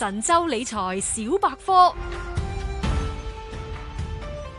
神州理財小百科。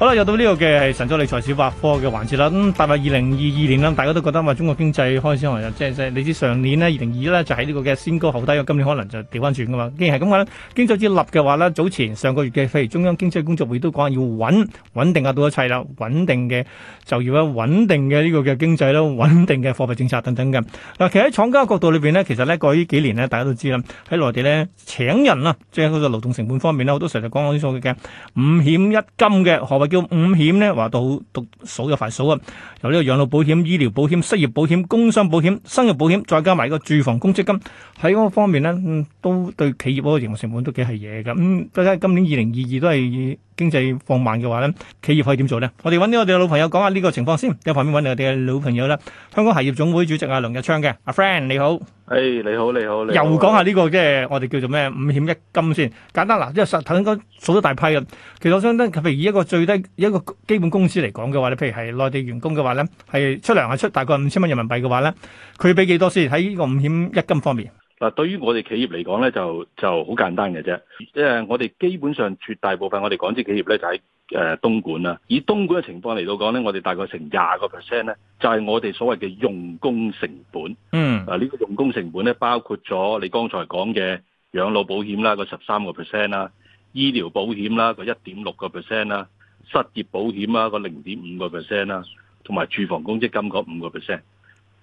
好啦，又到呢個嘅係神州理財小百科嘅環節啦。咁、嗯、踏入二零二二年啦，大家都覺得話中國經濟開始可能即、就、係、係、你知上年呢，二零二一呢，就喺、係、呢個嘅先高後低，咁今年可能就調翻轉噶嘛。既然係咁嘅，經濟之立嘅話呢，早前上個月嘅譬如中央經濟工作會都講要穩穩定壓倒一切啦，穩定嘅就要啊穩定嘅呢個嘅經濟啦，穩定嘅貨幣政策等等嘅。嗱，其實喺廠家角度裏邊呢，其實呢，過呢幾年呢，大家都知啦，喺內地呢，請人啊，即係嗰個勞動成本方面呢，我都實在講嗰啲數據嘅五險一金嘅叫五險咧，話到讀數嘅快數啊！由呢個養老保險、醫療保險、失業保險、工傷保險、生育保險，再加埋個住房公積金，喺嗰個方面咧、嗯，都對企業嗰個營運成本都幾係嘢㗎。大家今年二零二二都係。經濟放慢嘅話咧，企業可以點做咧？我哋搵啲我哋老朋友講下呢個情況先。有旁邊揾我哋嘅老朋友啦，香港鞋業總會主席阿梁日昌嘅，阿 Friend 你好。誒、hey, 你好你好，你好。又講下呢個即係我哋叫做咩五險一金先。簡單啦，即係實頭應該數咗大批啊。其實我想譬如以一個最低一個基本工資嚟講嘅話咧，譬如係內地員工嘅話咧，係出糧係出大概五千蚊人民幣嘅話咧，佢俾幾多先喺呢個五險一金方面？嗱，對於我哋企業嚟講咧，就就好簡單嘅啫。即、呃、係我哋基本上絕大部分我哋港資企業咧，就喺誒、呃、東莞啦。以東莞嘅情況嚟到講咧，我哋大概成廿個 percent 咧，就係、是、我哋所謂嘅用工成本。嗯，啊，呢、這個用工成本咧，包括咗你剛才講嘅養老保險啦，個十三個 percent 啦，醫療保險啦，個一點六個 percent 啦，失業保險啦，個零點五個 percent 啦，同埋住房公積金嗰五個 percent。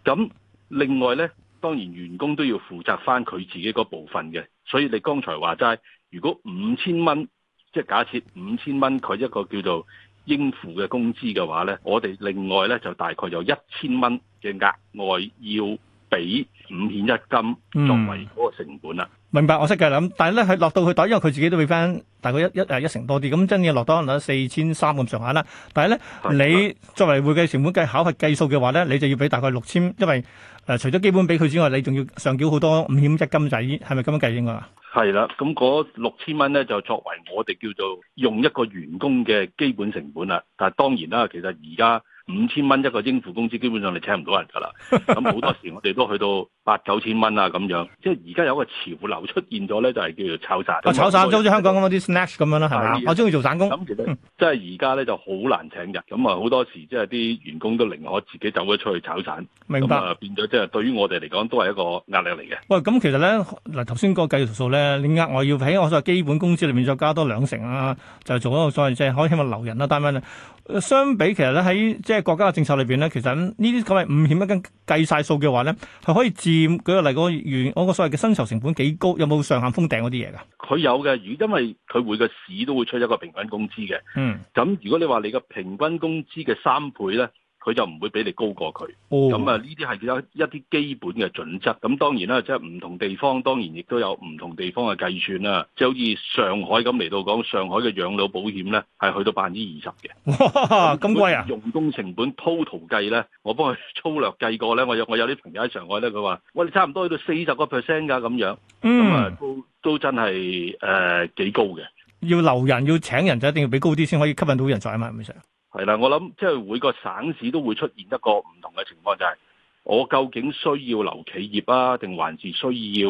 咁另外咧。當然員工都要負責翻佢自己嗰部分嘅，所以你剛才話齋，如果五千蚊，即係假設五千蚊佢一個叫做應付嘅工資嘅話呢，我哋另外呢就大概有一千蚊嘅額外要。俾五險一金作為嗰個成本啦，啊嗯，明白我識計啦，但係咧佢落到去袋，因為佢自己都會翻大概一一一成多啲，咁真嘅落到可能四千三咁上下啦。但係咧，你作為會計成本計考核計數嘅話咧，你就要俾大概六千，因為、呃、除咗基本俾佢之外，你仲要上繳好多五險一金仔，係咪咁樣計應該啊？係啦，咁嗰六千蚊咧就作為我哋叫做用一個員工嘅基本成本啦。但係當然啦，其實而家。五千蚊一個應付工資，基本上你請唔到人㗎啦。咁好多時我哋都去到，八九千蚊啊咁樣，即係而家有個潮流出現咗咧，就係叫做炒散。炒散，就係，就好似香港咁啲 snacks 咁樣啦，係咪啊？我中意做散工。咁其實即係而家咧就好難請人，咁啊好多時即係啲員工都寧可自己走咗出去炒散。明白。咁變咗即係對於我哋嚟講都係一個壓力嚟嘅。喂，咁其實咧嗱頭先嗰個計數咧，你額外要喺我所謂基本工資裏面再加多兩成啊，就做一個所謂即係可以起碼留人啦，啊，但係咧，相比其實咧喺即係國家嘅政策裏邊咧，其實呢啲咁嘅五險一金計晒數嘅話咧，係可以自舉個例如，我個所謂嘅薪酬成本幾高？有冇上限封頂嗰啲嘢噶？佢有嘅，如果因為佢每個市都會出一個平均工資嘅。嗯，咁如果你話你嘅平均工資嘅三倍咧？佢就唔會俾你高過佢，咁啊呢啲係一一啲基本嘅準則。咁當然啦，即係唔同地方當然亦都有唔同地方嘅計算啦。即係好似上海咁嚟到講，上海嘅養老保險咧係去到百分之二十嘅，咁貴啊！用工成本 total 計咧，我幫佢粗略計過咧，我有我有啲朋友喺上海咧，佢話我哋差唔多去到四十個 percent 噶咁樣，咁、嗯、啊都都真係誒、呃、幾高嘅。要留人要請人就一定要俾高啲先可以吸引到人才啊嘛，係咪？先。係啦，我諗即係每個省市都會出現一個唔同嘅情況，就係、是、我究竟需要留企業啊，定還是需要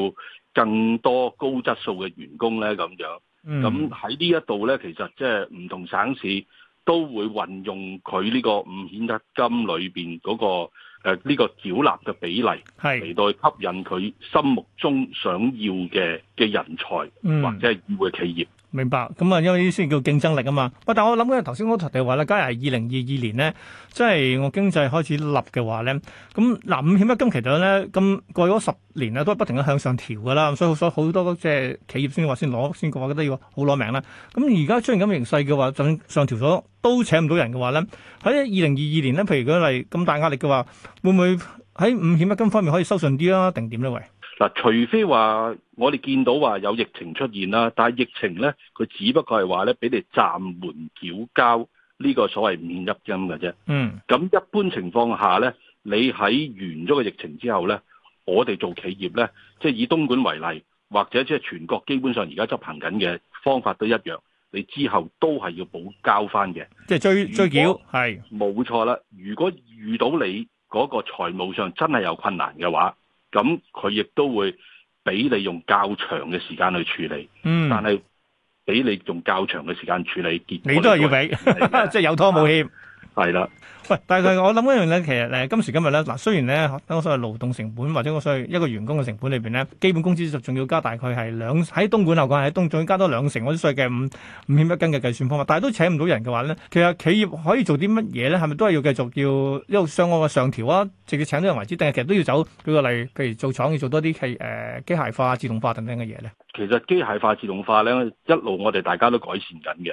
更多高質素嘅員工咧？咁樣，咁喺呢一度咧，其實即係唔同省市都會運用佢呢個五險一金裏邊嗰、那個誒呢、呃這個繳納嘅比例嚟到吸引佢心目中想要嘅嘅人才，或者係要嘅企業。明白，咁啊，因為呢啲先叫競爭力啊嘛。但係我諗緊頭先，我提哋話咧，假如係二零二二年咧，即係我經濟開始立嘅話咧，咁嗱，五險一金其實咧，咁過咗十年咧，都係不停向上調噶啦。所以好多即係企業先話先攞，先個話都要好攞命啦。咁而家出現咁嘅形勢嘅話，上上調咗都請唔到人嘅話咧，喺二零二二年咧，譬如果係咁大壓力嘅話，會唔會喺五險一金方面可以收順啲啊？定點咧，喂？嗱，除非話我哋見到話有疫情出現啦，但係疫情咧，佢只不過係話咧，俾你暫緩繳交呢個所謂五險一金嘅啫。嗯，咁一般情況下咧，你喺完咗個疫情之後咧，我哋做企業咧，即係以東莞為例，或者即係全國基本上而家執行緊嘅方法都一樣，你之後都係要補交翻嘅。即係追追繳，係冇錯啦。如果遇到你嗰個財務上真係有困難嘅話。咁佢亦都會俾你用較長嘅時間去處理，嗯、但係俾你用較長嘅時間處理結果你處理，你都係要俾，即 係有拖冇欠。嗯。係啦，喂，但係我諗一樣咧，其實誒，今時今日咧，嗱，雖然咧，我所謂勞動成本或者我所謂一個員工嘅成本裏邊咧，基本工資就仲要加大概係兩喺東莞嚟講喺東仲要加多兩成，我啲稅嘅五五險一金嘅計算方法，但係都請唔到人嘅話咧，其實企業可以做啲乜嘢咧？係咪都係要繼續要，因為相關嘅上調啊，直接請到人為止，定係其實都要走？舉個例，譬如做廠要做多啲係誒機械化、自動化等等嘅嘢咧。其實機械化、自動化咧，一路我哋大家都改善緊嘅。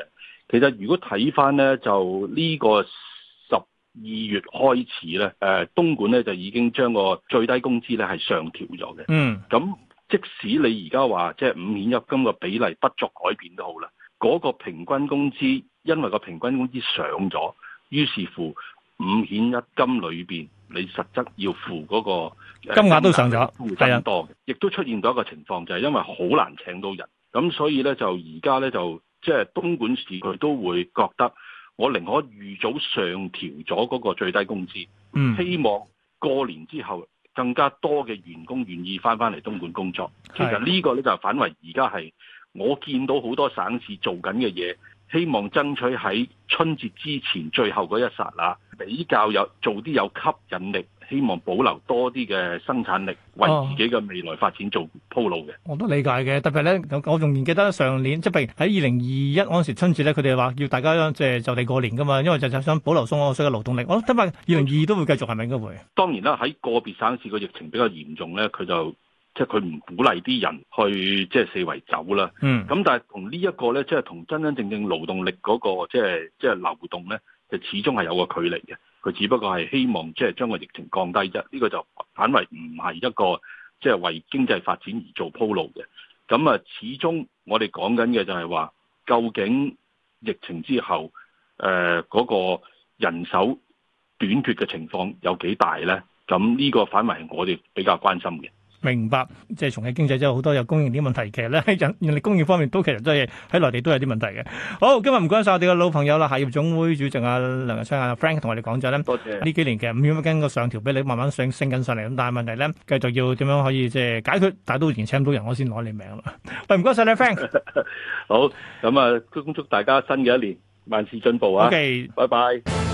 其實如果睇翻咧，就呢個十二月開始咧，誒東莞咧就已經將個最低工資咧係上調咗嘅。嗯，咁即使你而家話即係五險一金個比例不作改變都好啦，嗰、那個平均工資因為個平均工資上咗，於是乎五險一金裏面，你實質要付嗰個金額都上咗，遞多，亦都出現咗一個情況，就係、是、因為好難請到人，咁所以咧就而家咧就。即係東莞市，佢都會覺得我寧可預早上調咗嗰個最低工資，嗯，希望過年之後更加多嘅員工願意翻翻嚟東莞工作。其實呢個咧就係反為而家係我見到好多省市做緊嘅嘢，希望爭取喺春節之前最後嗰一剎啦，比較有做啲有吸引力。希望保留多啲嘅生產力，為自己嘅未來發展做鋪路嘅、啊。我都理解嘅，特別咧，我仲記記得上年，即係譬如喺二零二一嗰陣時，春節咧，佢哋話要大家即係、就是、就地過年噶嘛，因為就想保留咗所需嘅勞動力。我得今日二零二二都會繼續係咪、嗯、應該會？當然啦，喺個別省市個疫情比較嚴重咧，佢就即係佢唔鼓勵啲人去即係四圍走啦。嗯。咁但係同呢一個咧，即係同真真正正勞動力嗰、那個即係即係流動咧，就始終係有個距離嘅。佢只不過係希望即係將個疫情降低啫，呢個就反為唔係一個即係為經濟發展而做鋪路嘅。咁啊，始終我哋講緊嘅就係話，究竟疫情之後，誒嗰個人手短缺嘅情況有幾大咧？咁呢個反為係我哋比較關心嘅。明白，即係重嘅經濟真係好多有供應啲問題，其實咧人人力供應方面都其實都係喺內地都有啲問題嘅。好，今日唔該晒我哋嘅老朋友啦，鞋業總會主席阿梁日昌啊，Frank 同我哋講咗咧，多謝呢幾年嘅五險跟個上調俾你，慢慢升上升緊上嚟，咁但係問題咧，繼續要點樣可以即係解決，但係都連請唔到人，我先攞你名啦。唔該晒你，Frank。 好，咁啊，恭祝大家新嘅一年萬事進步啊！OK，拜拜。